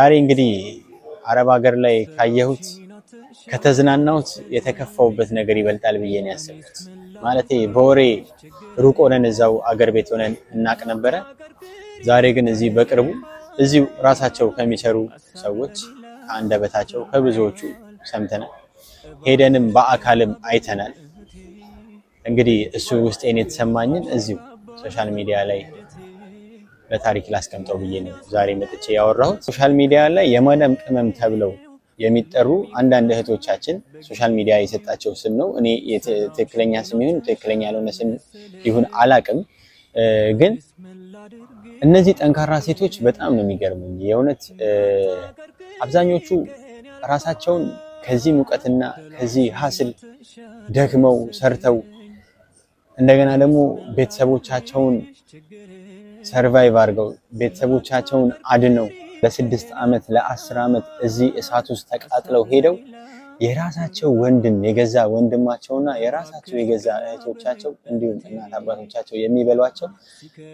ዛሬ እንግዲህ አረብ ሀገር ላይ ካየሁት ከተዝናናሁት የተከፋውበት ነገር ይበልጣል ብዬ ነው ያሰብኩት። ማለት በወሬ ሩቅ ሆነን እዛው አገር ቤት ሆነን እናቅ ነበረ። ዛሬ ግን እዚህ በቅርቡ እዚሁ ራሳቸው ከሚሰሩ ሰዎች ከአንደበታቸው ከብዙዎቹ ሰምተናል፣ ሄደንም በአካልም አይተናል። እንግዲህ እሱ ውስጤን የተሰማኝን እዚሁ ሶሻል ሚዲያ ላይ በታሪክ ላስቀምጠው ብዬ ነው ዛሬ መጥቼ ያወራሁት። ሶሻል ሚዲያ ላይ የማዳም ቅመም ተብለው የሚጠሩ አንዳንድ እህቶቻችን ሶሻል ሚዲያ የሰጣቸው ስም ነው። እኔ ትክክለኛ ስም ይሁን ትክክለኛ ያልሆነ ስም ይሁን አላቅም፣ ግን እነዚህ ጠንካራ ሴቶች በጣም ነው የሚገርሙኝ። የእውነት አብዛኞቹ ራሳቸውን ከዚህ ሙቀትና ከዚህ ሀስል ደክመው ሰርተው እንደገና ደግሞ ቤተሰቦቻቸውን ሰርቫይቭ አድርገው ቤተሰቦቻቸውን አድነው ለስድስት ዓመት ለአስር ዓመት እዚህ እሳት ውስጥ ተቃጥለው ሄደው የራሳቸው ወንድም የገዛ ወንድማቸውና የራሳቸው የገዛ እህቶቻቸው እንዲሁም እናት አባቶቻቸው የሚበሏቸው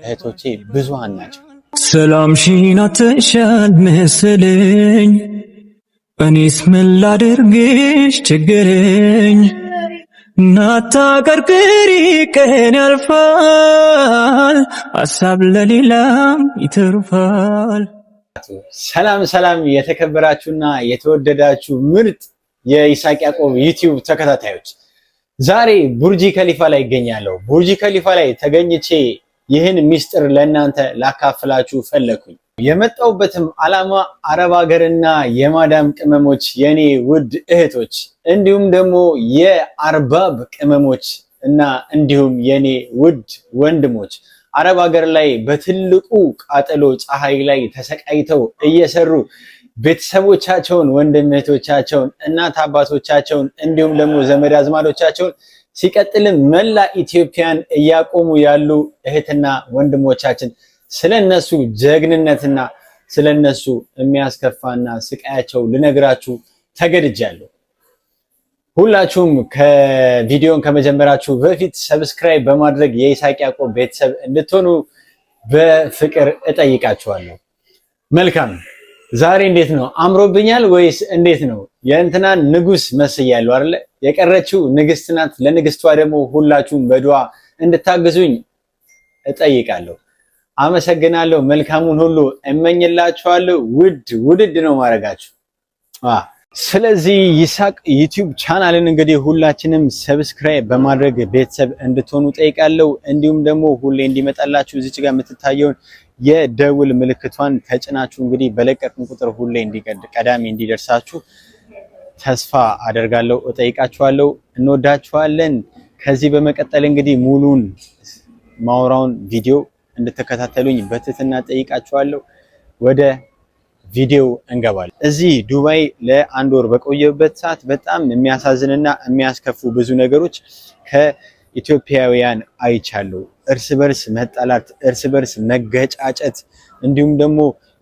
እህቶቼ ብዙሃን ናቸው። ሰላም ሺን አትሻል መስለኝ እኔስ ምን ላድርግሽ ችግረኝ ናታቀርቅሪ ቀን ያልፋል፣ ሀሳብ ለሌላም ይተርፋል። ሰላም ሰላም! የተከበራችሁና የተወደዳችሁ ምርጥ የኢሳቅ ያቆብ ዩቲዩብ ተከታታዮች ዛሬ ቡርጂ ከሊፋ ላይ ይገኛለሁ። ቡርጂ ከሊፋ ላይ ተገኝቼ ይህን ምስጢር ለእናንተ ላካፍላችሁ ፈለኩኝ። የመጣውበትም ዓላማ አረብ ሀገርና የማዳም ቅመሞች የኔ ውድ እህቶች እንዲሁም ደግሞ የአርባብ ቅመሞች እና እንዲሁም የኔ ውድ ወንድሞች አረብ ሀገር ላይ በትልቁ ቃጠሎ ፀሐይ ላይ ተሰቃይተው እየሰሩ ቤተሰቦቻቸውን፣ ወንድም እህቶቻቸውን፣ እናት አባቶቻቸውን እንዲሁም ደግሞ ዘመድ አዝማዶቻቸውን ሲቀጥልም መላ ኢትዮጵያን እያቆሙ ያሉ እህትና ወንድሞቻችን ስለነሱ ጀግንነትና ስለነሱ የሚያስከፋና ስቃያቸው ልነግራችሁ ተገድጃለሁ። ሁላችሁም ከቪዲዮን ከመጀመራችሁ በፊት ሰብስክራይብ በማድረግ የይስሐቅ ያዕቆብ ቤተሰብ እንድትሆኑ በፍቅር እጠይቃችኋለሁ። መልካም ዛሬ እንዴት ነው? አምሮብኛል ወይስ እንዴት ነው? የእንትናን ንጉስ መስያለሁ አይደለ? የቀረችው ንግስት ናት። ለንግስቷ ደግሞ ሁላችሁም በድዋ እንድታግዙኝ እጠይቃለሁ። አመሰግናለሁ። መልካሙን ሁሉ እመኝላችኋለሁ። ውድ ውድድ ነው ማድረጋችሁ። ስለዚህ ይሳቅ ዩቲዩብ ቻናልን እንግዲህ ሁላችንም ሰብስክራይብ በማድረግ ቤተሰብ እንድትሆኑ ጠይቃለሁ። እንዲሁም ደግሞ ሁሌ እንዲመጣላችሁ እዚች ጋር የምትታየውን የደውል ምልክቷን ተጭናችሁ እንግዲህ በለቀቅን ቁጥር ሁሌ ቀዳሚ እንዲደርሳችሁ ተስፋ አደርጋለሁ፣ እጠይቃችኋለሁ። እንወዳችኋለን። ከዚህ በመቀጠል እንግዲህ ሙሉን ማውራውን ቪዲዮ እንድትከታተሉኝ በትህትና ጠይቃችኋለሁ። ወደ ቪዲዮ እንገባለን። እዚህ ዱባይ ለአንድ ወር በቆየበት ሰዓት በጣም የሚያሳዝንና የሚያስከፉ ብዙ ነገሮች ከኢትዮጵያውያን አይቻለሁ። እርስ በርስ መጠላት፣ እርስ በርስ መገጫጨት፣ እንዲሁም ደግሞ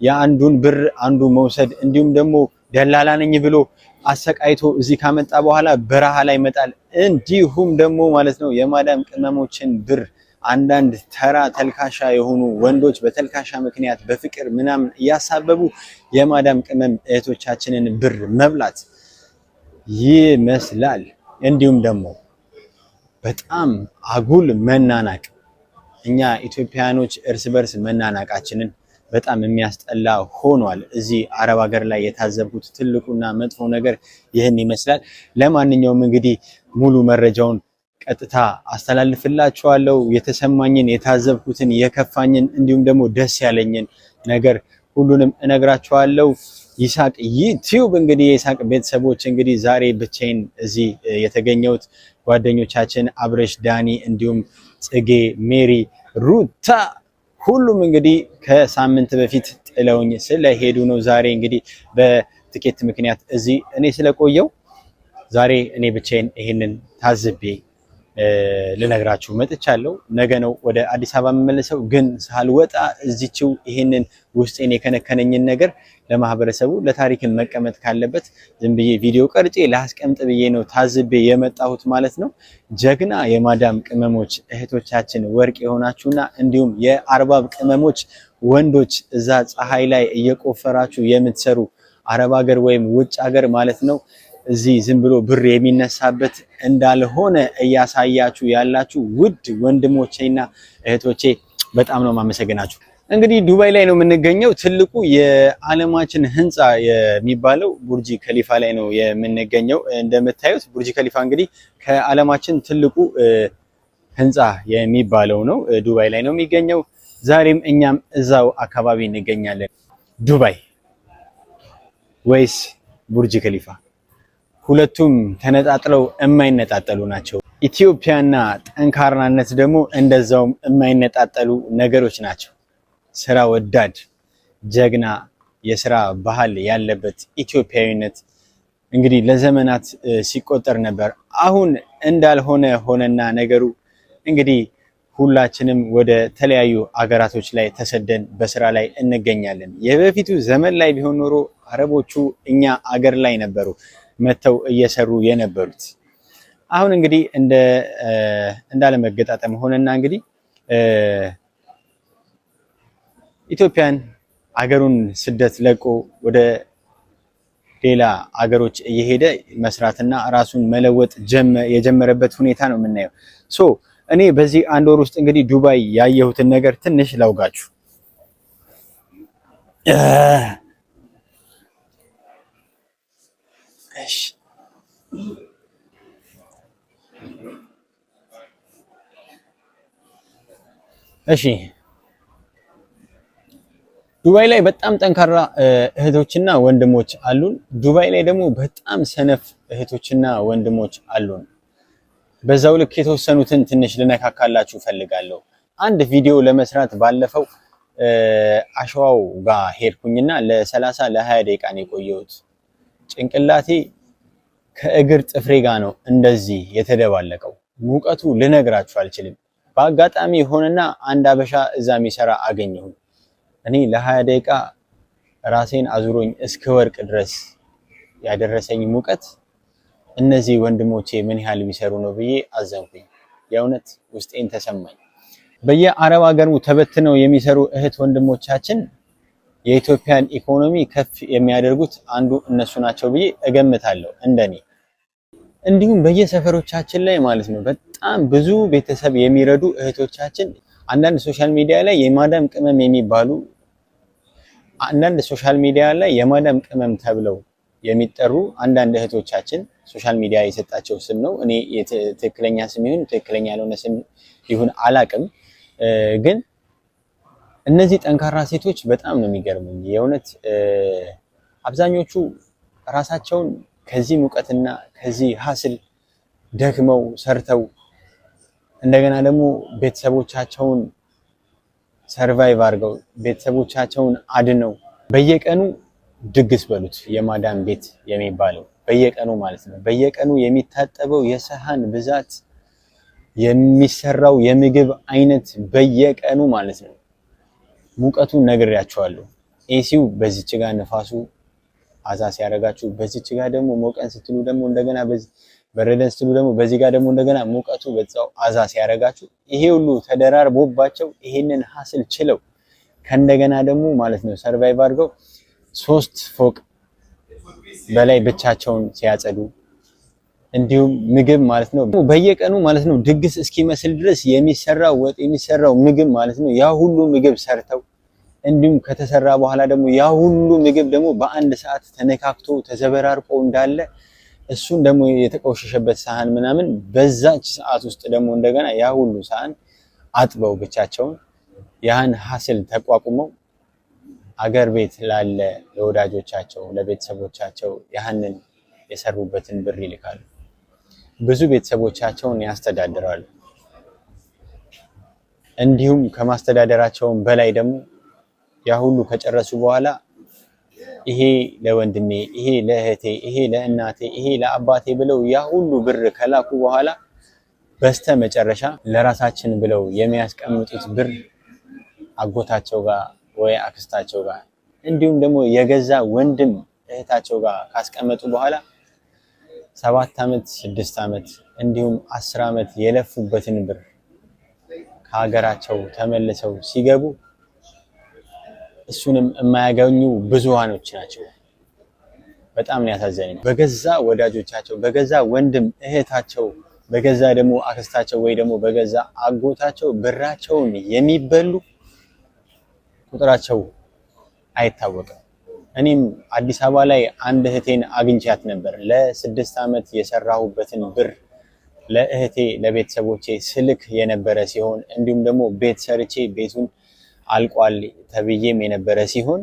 የአንዱን ብር አንዱ መውሰድ፣ እንዲሁም ደግሞ ደላላ ነኝ ብሎ አሰቃይቶ እዚህ ካመጣ በኋላ በረሃ ላይ መጣል፣ እንዲሁም ደግሞ ማለት ነው የማዳም ቅመሞችን ብር አንዳንድ ተራ ተልካሻ የሆኑ ወንዶች በተልካሻ ምክንያት በፍቅር ምናምን እያሳበቡ የማዳም ቅመም እህቶቻችንን ብር መብላት ይመስላል። እንዲሁም ደግሞ በጣም አጉል መናናቅ፣ እኛ ኢትዮጵያኖች እርስ በርስ መናናቃችንን በጣም የሚያስጠላ ሆኗል። እዚህ አረብ ሀገር ላይ የታዘብኩት ትልቁና መጥፎ ነገር ይህን ይመስላል። ለማንኛውም እንግዲህ ሙሉ መረጃውን ቀጥታ አስተላልፍላችኋለሁ። የተሰማኝን፣ የታዘብኩትን፣ የከፋኝን እንዲሁም ደግሞ ደስ ያለኝን ነገር ሁሉንም እነግራችኋለሁ። ይሳቅ ዩቲዩብ እንግዲህ የይሳቅ ቤተሰቦች እንግዲህ ዛሬ ብቻዬን እዚህ የተገኘሁት ጓደኞቻችን አብረሽ፣ ዳኒ እንዲሁም ጽጌ፣ ሜሪ፣ ሩታ ሁሉም እንግዲህ ከሳምንት በፊት ጥለውኝ ስለሄዱ ነው። ዛሬ እንግዲህ በትኬት ምክንያት እዚህ እኔ ስለቆየው ዛሬ እኔ ብቻዬን ይሄንን ታዝቤ ልነግራችሁ መጥቻለሁ። ነገ ነው ወደ አዲስ አበባ የምመለሰው፣ ግን ሳልወጣ እዚችው ይሄንን ውስጤን የከነከነኝን ነገር ለማህበረሰቡ ለታሪክን መቀመጥ ካለበት ዝም ብዬ ቪዲዮ ቀርጬ ላስቀምጥ ብዬ ነው ታዝቤ የመጣሁት ማለት ነው። ጀግና የማዳም ቅመሞች እህቶቻችን ወርቅ የሆናችሁና እንዲሁም የአርባብ ቅመሞች ወንዶች እዛ ፀሐይ ላይ እየቆፈራችሁ የምትሰሩ አረብ ሀገር ወይም ውጭ ሀገር ማለት ነው እዚህ ዝም ብሎ ብር የሚነሳበት እንዳልሆነ እያሳያችሁ ያላችሁ ውድ ወንድሞቼና እህቶቼ በጣም ነው ማመሰግናችሁ። እንግዲህ ዱባይ ላይ ነው የምንገኘው። ትልቁ የዓለማችን ህንፃ የሚባለው ቡርጂ ከሊፋ ላይ ነው የምንገኘው። እንደምታዩት ቡርጂ ከሊፋ እንግዲህ ከዓለማችን ትልቁ ህንፃ የሚባለው ነው። ዱባይ ላይ ነው የሚገኘው። ዛሬም እኛም እዛው አካባቢ እንገኛለን። ዱባይ ወይስ ቡርጂ ከሊፋ? ሁለቱም ተነጣጥለው የማይነጣጠሉ ናቸው። ኢትዮጵያና ጠንካራነት ደግሞ እንደዛውም የማይነጣጠሉ ነገሮች ናቸው። ስራ ወዳድ ጀግና፣ የስራ ባህል ያለበት ኢትዮጵያዊነት እንግዲህ ለዘመናት ሲቆጠር ነበር። አሁን እንዳልሆነ ሆነና ነገሩ እንግዲህ ሁላችንም ወደ ተለያዩ አገራቶች ላይ ተሰደን በስራ ላይ እንገኛለን። የበፊቱ ዘመን ላይ ቢሆን ኖሮ አረቦቹ እኛ አገር ላይ ነበሩ። መጥተው እየሰሩ የነበሩት። አሁን እንግዲህ እንደ እንዳለመገጣጠም ሆነና እንግዲህ ኢትዮጵያን አገሩን ስደት ለቆ ወደ ሌላ አገሮች እየሄደ መስራትና ራሱን መለወጥ የጀመረበት ሁኔታ ነው የምናየው። ሶ እኔ በዚህ አንድ ወር ውስጥ እንግዲህ ዱባይ ያየሁትን ነገር ትንሽ ላውጋችሁ። እሺ እሺ ዱባይ ላይ በጣም ጠንካራ እህቶችና ወንድሞች አሉን። ዱባይ ላይ ደግሞ በጣም ሰነፍ እህቶችና ወንድሞች አሉን። በዛው ልክ የተወሰኑትን ትንሽ ልነካካላችሁ ፈልጋለሁ። አንድ ቪዲዮ ለመስራት ባለፈው አሸዋው ጋር ሄድኩኝና ለ30 ለ ደቂቃ ነው የቆየሁት። ጭንቅላቴ ከእግር ጥፍሬ ጋር ነው እንደዚህ የተደባለቀው። ሙቀቱ ልነግራችሁ አልችልም። በአጋጣሚ የሆነና አንድ አበሻ እዛ የሚሰራ አገኘሁ። እኔ ለሀያ ደቂቃ ራሴን አዙሮኝ እስከ ወርቅ ድረስ ያደረሰኝ ሙቀት እነዚህ ወንድሞቼ ምን ያህል የሚሰሩ ነው ብዬ አዘንኩኝ። የእውነት ውስጤን ተሰማኝ። በየአረብ ሀገሩ ተበትነው የሚሰሩ እህት ወንድሞቻችን የኢትዮጵያን ኢኮኖሚ ከፍ የሚያደርጉት አንዱ እነሱ ናቸው ብዬ እገምታለሁ እንደኔ። እንዲሁም በየሰፈሮቻችን ላይ ማለት ነው በጣም ብዙ ቤተሰብ የሚረዱ እህቶቻችን አንዳንድ ሶሻል ሚዲያ ላይ የማዳም ቅመም የሚባሉ አንዳንድ ሶሻል ሚዲያ ላይ የማዳም ቅመም ተብለው የሚጠሩ አንዳንድ እህቶቻችን ሶሻል ሚዲያ የሰጣቸው ስም ነው። እኔ ትክክለኛ ስም ይሁን ትክክለኛ ያልሆነ ስም ይሁን አላቅም ግን እነዚህ ጠንካራ ሴቶች በጣም ነው የሚገርሙኝ። የእውነት አብዛኞቹ ራሳቸውን ከዚህ ሙቀትና ከዚህ ሀስል ደክመው ሰርተው እንደገና ደግሞ ቤተሰቦቻቸውን ሰርቫይቭ አድርገው ቤተሰቦቻቸውን አድነው በየቀኑ ድግስ በሉት የማዳም ቤት የሚባለው በየቀኑ ማለት ነው። በየቀኑ የሚታጠበው የሰሃን ብዛት፣ የሚሰራው የምግብ አይነት በየቀኑ ማለት ነው። ሙቀቱን ነግሬያቸዋለሁ። ኤሲው በዚች ጋር ንፋሱ አዛ ሲያደርጋችሁ፣ በዚች ጋር ደግሞ ሞቀን ስትሉ ደግሞ እንደገና በረደን ስትሉ ደግሞ በዚህ ጋር ደግሞ እንደገና ሙቀቱ በዛው አዛ ሲያደርጋችሁ፣ ይሄ ሁሉ ተደራርቦባቸው ይሄንን ሀስል ችለው ከእንደገና ደግሞ ማለት ነው ሰርቫይቭ አድርገው ሶስት ፎቅ በላይ ብቻቸውን ሲያጸዱ እንዲሁም ምግብ ማለት ነው በየቀኑ ማለት ነው ድግስ እስኪመስል ድረስ የሚሰራው ወጥ የሚሰራው ምግብ ማለት ነው ያ ሁሉ ምግብ ሰርተው እንዲሁም ከተሰራ በኋላ ደግሞ ያ ሁሉ ምግብ ደግሞ በአንድ ሰዓት ተነካክቶ ተዘበራርቆ እንዳለ እሱን ደግሞ የተቆሸሸበት ሳህን ምናምን በዛች ሰዓት ውስጥ ደግሞ እንደገና ያ ሁሉ ሳህን አጥበው ብቻቸውን ያህን ሀስል ተቋቁመው አገር ቤት ላለ ለወዳጆቻቸው፣ ለቤተሰቦቻቸው ያህንን የሰሩበትን ብር ይልካሉ። ብዙ ቤተሰቦቻቸውን ያስተዳድራሉ። እንዲሁም ከማስተዳደራቸውን በላይ ደግሞ ያ ሁሉ ከጨረሱ በኋላ ይሄ ለወንድሜ፣ ይሄ ለእህቴ፣ ይሄ ለእናቴ፣ ይሄ ለአባቴ ብለው ያ ሁሉ ብር ከላኩ በኋላ በስተ መጨረሻ ለራሳችን ብለው የሚያስቀምጡት ብር አጎታቸው ጋር ወይ አክስታቸው ጋር እንዲሁም ደግሞ የገዛ ወንድም እህታቸው ጋር ካስቀመጡ በኋላ ሰባት ዓመት ስድስት ዓመት እንዲሁም አስር ዓመት የለፉበትን ብር ከሀገራቸው ተመልሰው ሲገቡ እሱንም የማያገኙ ብዙሃኖች ናቸው። በጣም ነው ያሳዘነኝ። በገዛ ወዳጆቻቸው፣ በገዛ ወንድም እህታቸው፣ በገዛ ደግሞ አክስታቸው ወይ ደግሞ በገዛ አጎታቸው ብራቸውን የሚበሉ ቁጥራቸው አይታወቅም። እኔም አዲስ አበባ ላይ አንድ እህቴን አግኝቻት ነበር። ለስድስት ዓመት የሰራሁበትን ብር ለእህቴ ለቤተሰቦቼ ስልክ የነበረ ሲሆን እንዲሁም ደግሞ ቤት ሰርቼ ቤቱን አልቋል ተብዬም የነበረ ሲሆን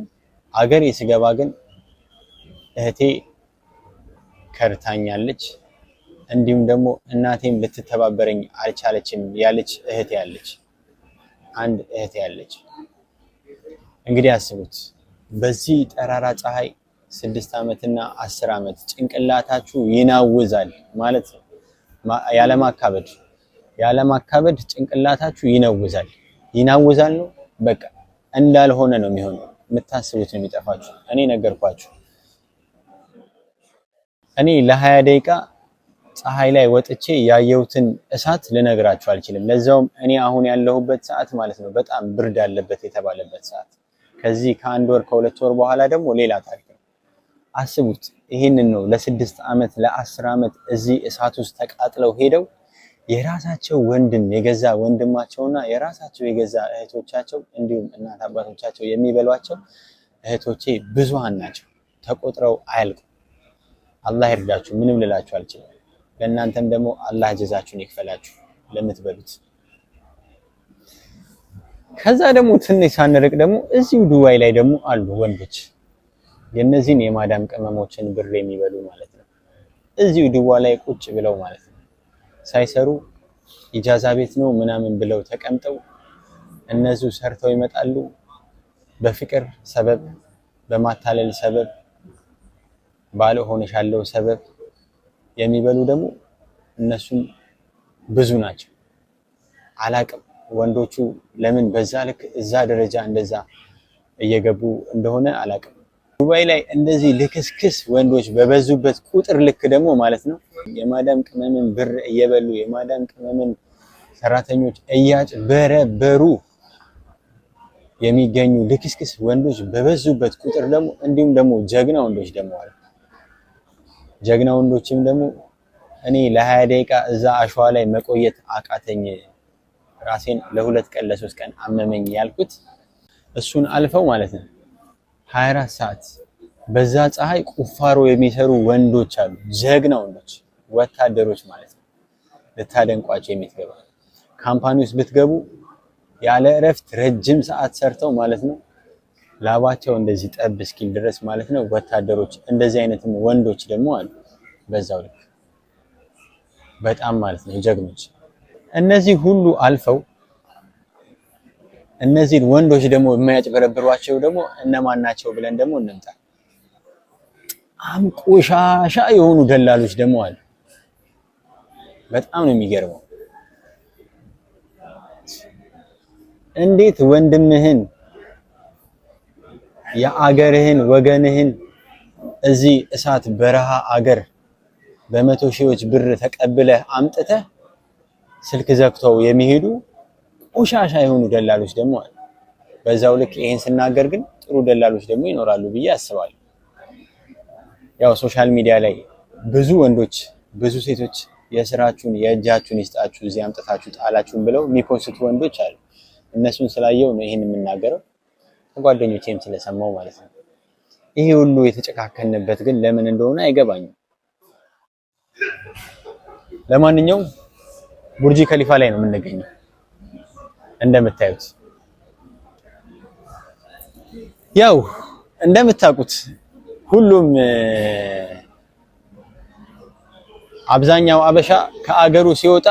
አገር የስገባ ግን እህቴ ከርታኛለች፣ እንዲሁም ደግሞ እናቴም ልትተባበረኝ አልቻለችም ያለች እህቴ ያለች አንድ እህቴ ያለች። እንግዲህ አስቡት በዚህ ጠራራ ፀሐይ ስድስት ዓመትና አስር ዓመት ጭንቅላታችሁ ይናውዛል ማለት ነው። ያለማካበድ ያለማካበድ ጭንቅላታችሁ ይነውዛል ይናውዛል ነው በቃ እንዳልሆነ ነው የሚሆነው። የምታስቡት ነው የሚጠፋችሁ። እኔ ነገርኳችሁ። እኔ ለሀያ ደቂቃ ፀሐይ ላይ ወጥቼ ያየሁትን እሳት ልነግራችሁ አልችልም። ለዛውም እኔ አሁን ያለሁበት ሰዓት ማለት ነው በጣም ብርድ አለበት የተባለበት ሰዓት። ከዚህ ከአንድ ወር ከሁለት ወር በኋላ ደግሞ ሌላ ታሪክ ነው። አስቡት። ይህንን ነው ለስድስት ዓመት ለአስር ዓመት እዚህ እሳት ውስጥ ተቃጥለው ሄደው የራሳቸው ወንድም የገዛ ወንድማቸውና የራሳቸው የገዛ እህቶቻቸው እንዲሁም እናት አባቶቻቸው የሚበሏቸው እህቶቼ ብዙሃን ናቸው፣ ተቆጥረው አያልቁም። አላህ ይርዳችሁ፣ ምንም ልላችሁ አልችልም። ለእናንተም ደግሞ አላህ ጀዛችሁን ይክፈላችሁ ለምትበሉት። ከዛ ደግሞ ትንሽ ሳንርቅ ደግሞ እዚሁ ዱባይ ላይ ደግሞ አሉ ወንዶች የእነዚህን የማዳም ቅመሞችን ብር የሚበሉ ማለት ነው። እዚሁ ዱባ ላይ ቁጭ ብለው ማለት ነው ሳይሰሩ ኢጃዛ ቤት ነው ምናምን ብለው ተቀምጠው እነዙ ሰርተው ይመጣሉ። በፍቅር ሰበብ፣ በማታለል ሰበብ፣ ባለ ሆነሻለው ሰበብ የሚበሉ ደግሞ እነሱም ብዙ ናቸው። አላቅም ወንዶቹ ለምን በዛ ልክ እዛ ደረጃ እንደዛ እየገቡ እንደሆነ አላቅም። ዱባይ ላይ እንደዚህ ልክስክስ ወንዶች በበዙበት ቁጥር ልክ ደግሞ ማለት ነው የማዳም ቅመምን ብር እየበሉ የማዳም ቅመምን ሰራተኞች እያጭበረበሩ የሚገኙ ልክስክስ ወንዶች በበዙበት ቁጥር ደግሞ እንዲሁም ደግሞ ጀግና ወንዶች ደግሞ አለ። ጀግና ወንዶችም ደግሞ እኔ ለሀያ ደቂቃ እዛ አሸዋ ላይ መቆየት አቃተኝ፣ ራሴን ለሁለት ቀን ለሶስት ቀን አመመኝ ያልኩት እሱን አልፈው ማለት ነው ሀያ አራት ሰዓት በዛ ፀሐይ ቁፋሮ የሚሰሩ ወንዶች አሉ፣ ጀግና ወንዶች። ወታደሮች ማለት ነው። ልታደንቋቸው የሚትገባ ካምፓኒ ውስጥ ብትገቡ ያለ እረፍት ረጅም ሰዓት ሰርተው ማለት ነው ላባቸው እንደዚህ ጠብ እስኪል ድረስ ማለት ነው ወታደሮች። እንደዚህ አይነትም ወንዶች ደግሞ አሉ በዛው ልክ በጣም ማለት ነው ጀግኖች። እነዚህ ሁሉ አልፈው እነዚህን ወንዶች ደግሞ የሚያጭበረብሯቸው ደግሞ እነማን ናቸው ብለን ደግሞ እንምጣ። አምቆሻሻ የሆኑ ደላሎች ደግሞ አሉ። በጣም ነው የሚገርመው። እንዴት ወንድምህን የአገርህን ወገንህን እዚህ እሳት በረሃ አገር በመቶ ሺዎች ብር ተቀብለህ አምጥተህ ስልክ ዘግተው የሚሄዱ ቆሻሻ የሆኑ ደላሎች ደግሞ አሉ። በዛው ልክ ይሄን ስናገር ግን ጥሩ ደላሎች ደግሞ ይኖራሉ ብዬ አስባለሁ። ያው ሶሻል ሚዲያ ላይ ብዙ ወንዶች ብዙ ሴቶች የስራችሁን የእጃችሁን ይስጣችሁ እዚህ አምጥታችሁ ጣላችሁን ብለው የሚፖስቱ ወንዶች አሉ። እነሱን ስላየው ነው ይህን የምናገረው ከጓደኞቼም ስለሰማው ማለት ነው። ይሄ ሁሉ የተጨካከልንበት ግን ለምን እንደሆነ አይገባኝም። ለማንኛውም ቡርጂ ከሊፋ ላይ ነው የምንገኘው እንደምታዩት ያው እንደምታውቁት ሁሉም አብዛኛው አበሻ ከአገሩ ሲወጣ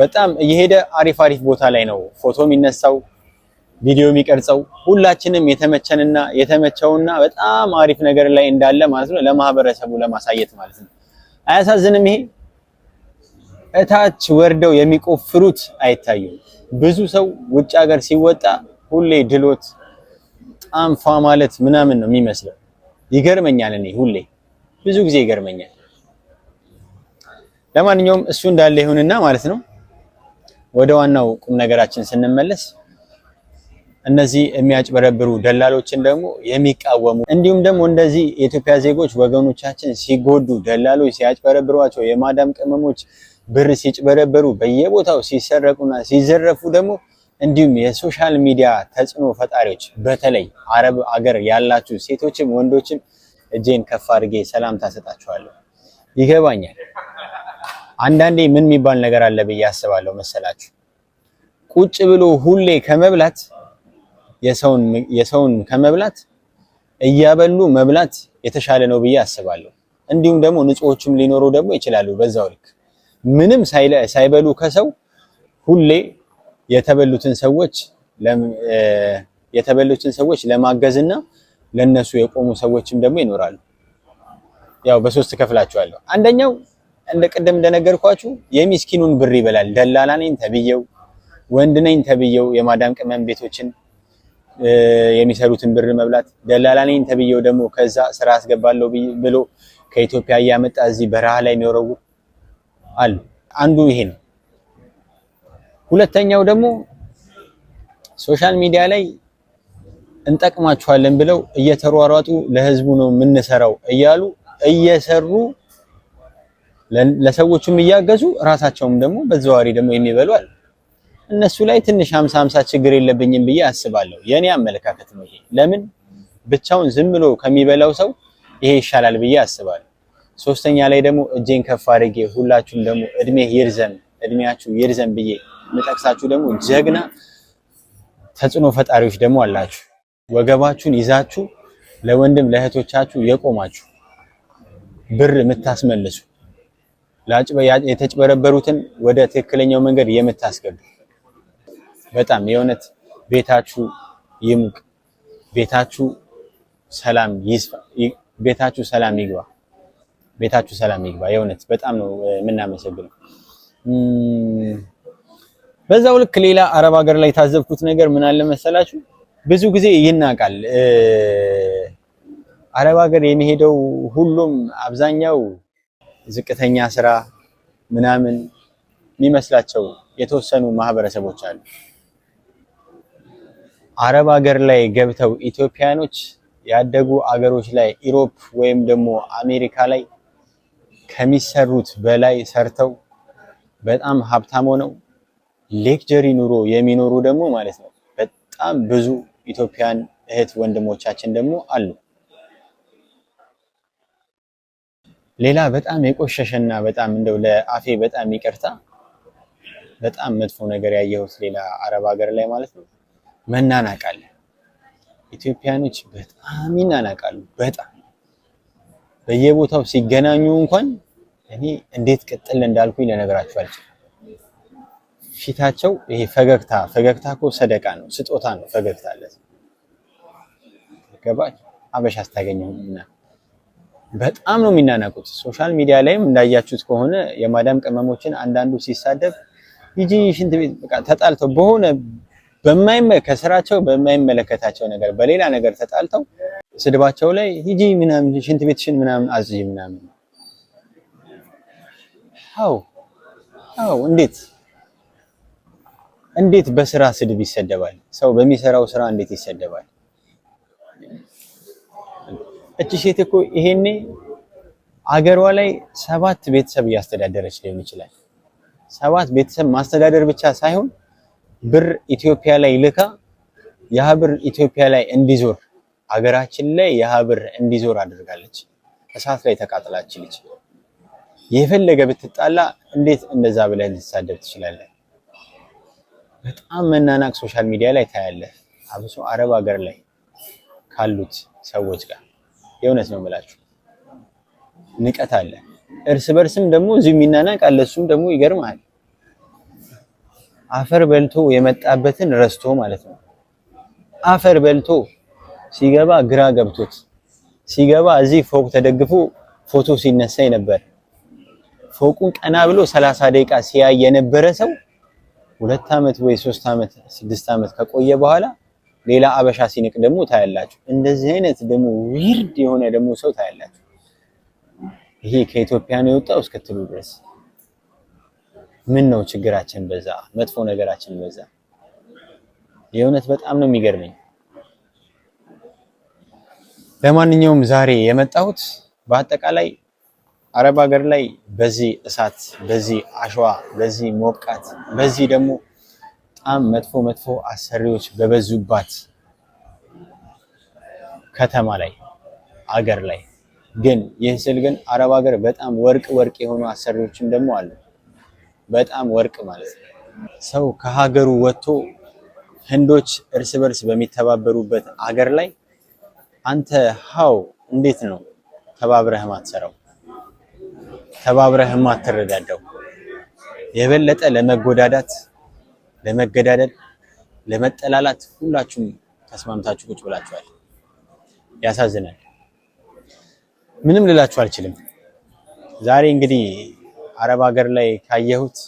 በጣም እየሄደ አሪፍ አሪፍ ቦታ ላይ ነው ፎቶ የሚነሳው ቪዲዮ የሚቀርጸው። ሁላችንም የተመቸንና የተመቸውና በጣም አሪፍ ነገር ላይ እንዳለ ማለት ነው ለማህበረሰቡ ለማሳየት ማለት ነው። አያሳዝንም? ይሄ እታች ወርደው የሚቆፍሩት አይታዩም። ብዙ ሰው ውጭ ሀገር ሲወጣ ሁሌ ድሎት ጣንፋ ማለት ምናምን ነው የሚመስለው። ይገርመኛል። እኔ ሁሌ ብዙ ጊዜ ይገርመኛል። ለማንኛውም እሱ እንዳለ ይሁንና ማለት ነው ወደ ዋናው ቁም ነገራችን ስንመለስ እነዚህ የሚያጭበረብሩ ደላሎችን ደግሞ የሚቃወሙ እንዲሁም ደግሞ እንደዚህ የኢትዮጵያ ዜጎች ወገኖቻችን ሲጎዱ ደላሎች ሲያጭበረብሯቸው የማዳም ቅመሞች ብር ሲጭበረበሩ በየቦታው ሲሰረቁና ሲዘረፉ ደግሞ እንዲሁም የሶሻል ሚዲያ ተጽዕኖ ፈጣሪዎች በተለይ አረብ አገር ያላችሁ ሴቶችም ወንዶችም እጄን ከፍ አድርጌ ሰላምታ ሰጣችኋለሁ። ይገባኛል። አንዳንዴ ምን የሚባል ነገር አለ ብዬ አስባለሁ መሰላችሁ። ቁጭ ብሎ ሁሌ ከመብላት የሰውን የሰውን ከመብላት እያበሉ መብላት የተሻለ ነው ብዬ አስባለሁ። እንዲሁም ደግሞ ንጹሆችም ሊኖሩ ደግሞ ይችላሉ። በዛው ልክ ምንም ሳይበሉ ከሰው ሁሌ የተበሉትን ሰዎች የተበሉትን ሰዎች ለማገዝና ለነሱ የቆሙ ሰዎችም ደግሞ ይኖራሉ። ያው በሶስት ከፍላቸዋለሁ። አንደኛው እንደ ቅድም እንደነገርኳችሁ የሚስኪኑን ብር ይበላል። ደላላ ነኝ ተብየው ወንድ ነኝ ተብየው የማዳም ቅመም ቤቶችን የሚሰሩትን ብር መብላት፣ ደላላ ነኝ ተብየው ደግሞ ከዛ ስራ አስገባለሁ ብሎ ከኢትዮጵያ እያመጣ እዚህ በረሃ ላይ የሚወረውር አሉ። አንዱ ይሄ ነው። ሁለተኛው ደግሞ ሶሻል ሚዲያ ላይ እንጠቅማችኋለን ብለው እየተሯሯጡ ለህዝቡ ነው የምንሰራው እያሉ እየሰሩ ለሰዎቹም እያገዙ ራሳቸውም ደግሞ በዘዋሪ ደግሞ የሚበሉ አሉ። እነሱ ላይ ትንሽ ሀምሳ ሀምሳ ችግር የለብኝም ብዬ አስባለሁ። የኔ አመለካከት ነው ይሄ። ለምን ብቻውን ዝም ብሎ ከሚበላው ሰው ይሄ ይሻላል ብዬ አስባለሁ። ሶስተኛ ላይ ደግሞ እጄን ከፍ አድርጌ ሁላችሁም ደግሞ እድሜ ይርዘም እድሜያችሁ ይርዘም ብዬ የምጠቅሳችሁ ደግሞ ጀግና ተጽዕኖ ፈጣሪዎች ደግሞ አላችሁ። ወገባችሁን ይዛችሁ ለወንድም ለእህቶቻችሁ የቆማችሁ ብር የምታስመልሱ የተጭበረበሩትን ወደ ትክክለኛው መንገድ የምታስገቡ በጣም የእውነት ቤታችሁ ይሙቅ፣ ቤታችሁ ሰላም ይስፋ፣ ቤታችሁ ሰላም ይግባ፣ ቤታችሁ ሰላም ይግባ። የእውነት በጣም ነው የምናመሰግነው። በዛው ልክ ሌላ አረብ ሀገር ላይ የታዘብኩት ነገር ምን አለ መሰላችሁ? ብዙ ጊዜ ይናቃል። አረብ ሀገር የሚሄደው ሁሉም አብዛኛው ዝቅተኛ ስራ ምናምን የሚመስላቸው የተወሰኑ ማህበረሰቦች አሉ። አረብ ሀገር ላይ ገብተው ኢትዮጵያኖች ያደጉ አገሮች ላይ ኢሮፕ ወይም ደግሞ አሜሪካ ላይ ከሚሰሩት በላይ ሰርተው በጣም ሀብታም ሆነው ሌክጀሪ ኑሮ የሚኖሩ ደግሞ ማለት ነው በጣም ብዙ ኢትዮጵያን እህት ወንድሞቻችን ደግሞ አሉ። ሌላ በጣም የቆሸሸና በጣም እንደው ለአፌ በጣም ይቅርታ በጣም መጥፎ ነገር ያየሁት ሌላ አረብ ሀገር ላይ ማለት ነው መናናቃለ። ኢትዮጵያኖች በጣም ይናናቃሉ። በጣም በየቦታው ሲገናኙ እንኳን እኔ እንዴት ቅጥል እንዳልኩኝ ልነግራችሁ አልችልም። ፊታቸው ይሄ ፈገግታ ፈገግታ እኮ ሰደቃ ነው፣ ስጦታ ነው። ፈገግታ አለት ገባ አበሻ ስታገኘው በጣም ነው የሚናነቁት ሶሻል ሚዲያ ላይም እንዳያችሁት ከሆነ የማዳም ቅመሞችን አንዳንዱ ሲሳደብ ሂጂ ሽንት ቤት በቃ ተጣልተው በሆነ በማይመ ከስራቸው በማይመለከታቸው ነገር በሌላ ነገር ተጣልተው ስድባቸው ላይ ሂጂ ምናምን ሽንት ሽን ምናምን አዝጂ ምናምን አው አው እንዴት እንዴት በስራ ስድብ ይሰደባል? ሰው በሚሰራው ስራ እንዴት ይሰደባል? እች ሴት እኮ ይሄኔ አገሯ ላይ ሰባት ቤተሰብ እያስተዳደረች ሊሆን ይችላል። ሰባት ቤተሰብ ማስተዳደር ብቻ ሳይሆን ብር ኢትዮጵያ ላይ ልካ የሀብር ብር ኢትዮጵያ ላይ እንዲዞር አገራችን ላይ የሀብር ብር እንዲዞር አድርጋለች። እሳት ላይ ተቃጥላች ልጅ የፈለገ ብትጣላ እንዴት እንደዛ ብለህ ልትሳደብ ትችላለህ? በጣም መናናቅ ሶሻል ሚዲያ ላይ ታያለህ። አብሶ አረብ ሀገር ላይ ካሉት ሰዎች ጋር የእውነት ነው የምላችሁ ንቀት አለ። እርስ በርስም ደግሞ እዚህ የሚናናቅ አለ። እሱም ደግሞ ይገርማል። አፈር በልቶ የመጣበትን ረስቶ ማለት ነው። አፈር በልቶ ሲገባ ግራ ገብቶት ሲገባ እዚህ ፎቅ ተደግፎ ፎቶ ሲነሳ ነበር። ፎቁን ቀና ብሎ ሰላሳ ደቂቃ ሲያይ የነበረ ሰው ሁለት ዓመት ወይ ሶስት ዓመት ስድስት ዓመት ከቆየ በኋላ ሌላ አበሻ ሲንቅ ደግሞ ታያላችሁ። እንደዚህ አይነት ደግሞ ዊርድ የሆነ ደግሞ ሰው ታያላችሁ። ይሄ ከኢትዮጵያ ነው የወጣው እስክትሉ ድረስ ምን ነው ችግራችን በዛ፣ መጥፎ ነገራችን በዛ። የእውነት በጣም ነው የሚገርመኝ። ለማንኛውም ዛሬ የመጣሁት በአጠቃላይ አረብ ሀገር ላይ በዚህ እሳት፣ በዚህ አሸዋ፣ በዚህ ሞቃት፣ በዚህ ደግሞ በጣም መጥፎ መጥፎ አሰሪዎች በበዙባት ከተማ ላይ አገር ላይ ግን ይህ ስል ግን አረብ ሀገር በጣም ወርቅ ወርቅ የሆኑ አሰሪዎችም ደግሞ አሉ። በጣም ወርቅ ማለት ነው። ሰው ከሀገሩ ወጥቶ ህንዶች እርስ በርስ በሚተባበሩበት አገር ላይ አንተ ሀው እንዴት ነው ተባብረህ ማትሰራው? ተባብረህ ማትረዳዳው? የበለጠ ለመጎዳዳት ለመገዳደል፣ ለመጠላላት ሁላችሁም ተስማምታችሁ ቁጭ ብላችኋል። ያሳዝናል። ምንም ልላችሁ አልችልም። ዛሬ እንግዲህ አረብ ሀገር ላይ ካየሁት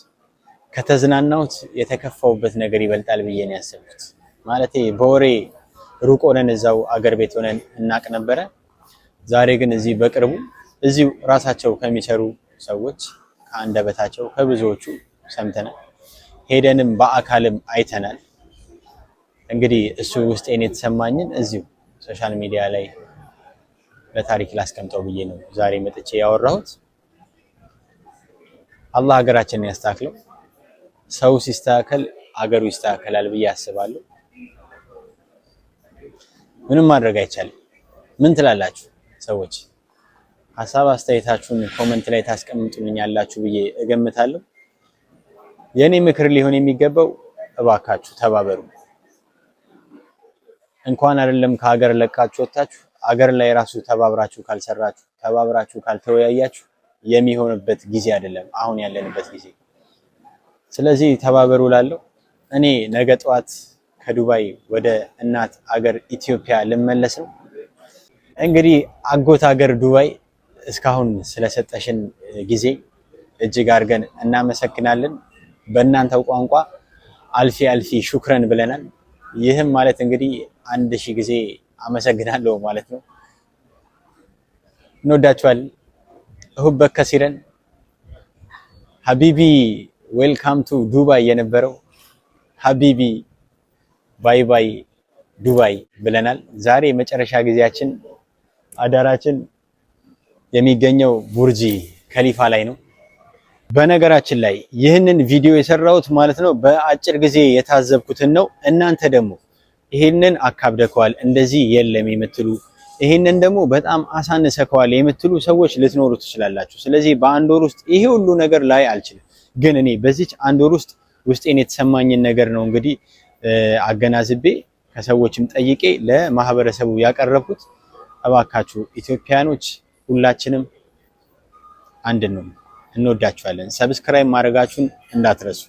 ከተዝናናሁት የተከፈውበት ነገር ይበልጣል ብዬ ነው ያሰብኩት። ማለቴ በወሬ ሩቅ ሆነን እዛው አገር ቤት ሆነን እናቅ ነበረ። ዛሬ ግን እዚህ በቅርቡ እዚሁ ራሳቸው ከሚሰሩ ሰዎች ከአንደበታቸው ከብዙዎቹ ሰምተናል። ሄደንም በአካልም አይተናል። እንግዲህ እሱ ውስጤን የተሰማኝን እዚሁ ሶሻል ሚዲያ ላይ ለታሪክ ላስቀምጠው ብዬ ነው ዛሬ መጥቼ ያወራሁት። አላህ ሀገራችንን ያስተካክለው። ሰው ሲስተካከል አገሩ ይስተካከላል ብዬ አስባለሁ። ምንም ማድረግ አይቻልም። ምን ትላላችሁ ሰዎች? ሀሳብ አስተያየታችሁን ኮመንት ላይ ታስቀምጡልኝ ያላችሁ ብዬ እገምታለሁ። የእኔ ምክር ሊሆን የሚገባው እባካችሁ ተባበሩ። እንኳን አይደለም ከሀገር ለቃችሁ ወጥታችሁ አገር ላይ ራሱ ተባብራችሁ ካልሰራችሁ፣ ተባብራችሁ ካልተወያያችሁ የሚሆንበት ጊዜ አይደለም አሁን ያለንበት ጊዜ። ስለዚህ ተባበሩ ላለው እኔ ነገ ጠዋት ከዱባይ ወደ እናት አገር ኢትዮጵያ ልመለስ ነው። እንግዲህ አጎት አገር ዱባይ እስካሁን ስለሰጠሽን ጊዜ እጅግ አድርገን እናመሰግናለን። በእናንተ ቋንቋ አልፊ አልፊ ሹክረን ብለናል። ይህም ማለት እንግዲህ አንድ ሺህ ጊዜ አመሰግናለሁ ማለት ነው። እንወዳችኋል። እሁበ ከሲረን ሀቢቢ ዌልካም ቱ ዱባይ የነበረው ሀቢቢ ባይ ባይ ዱባይ ብለናል። ዛሬ መጨረሻ ጊዜያችን አዳራችን የሚገኘው ቡርጂ ከሊፋ ላይ ነው። በነገራችን ላይ ይህንን ቪዲዮ የሰራሁት ማለት ነው በአጭር ጊዜ የታዘብኩትን ነው። እናንተ ደግሞ ይህንን አካብደከዋል፣ እንደዚህ የለም የምትሉ ይህንን ደግሞ በጣም አሳንሰከዋል የምትሉ ሰዎች ልትኖሩ ትችላላችሁ። ስለዚህ በአንድ ወር ውስጥ ይሄ ሁሉ ነገር ላይ አልችልም፣ ግን እኔ በዚች አንድ ወር ውስጥ ውስጤን የተሰማኝን ነገር ነው እንግዲህ አገናዝቤ ከሰዎችም ጠይቄ ለማህበረሰቡ ያቀረብኩት። እባካችሁ ኢትዮጵያኖች ሁላችንም አንድ ነው። እንወዳችኋለን። ሰብስክራይብ ማድረጋችሁን እንዳትረሱ።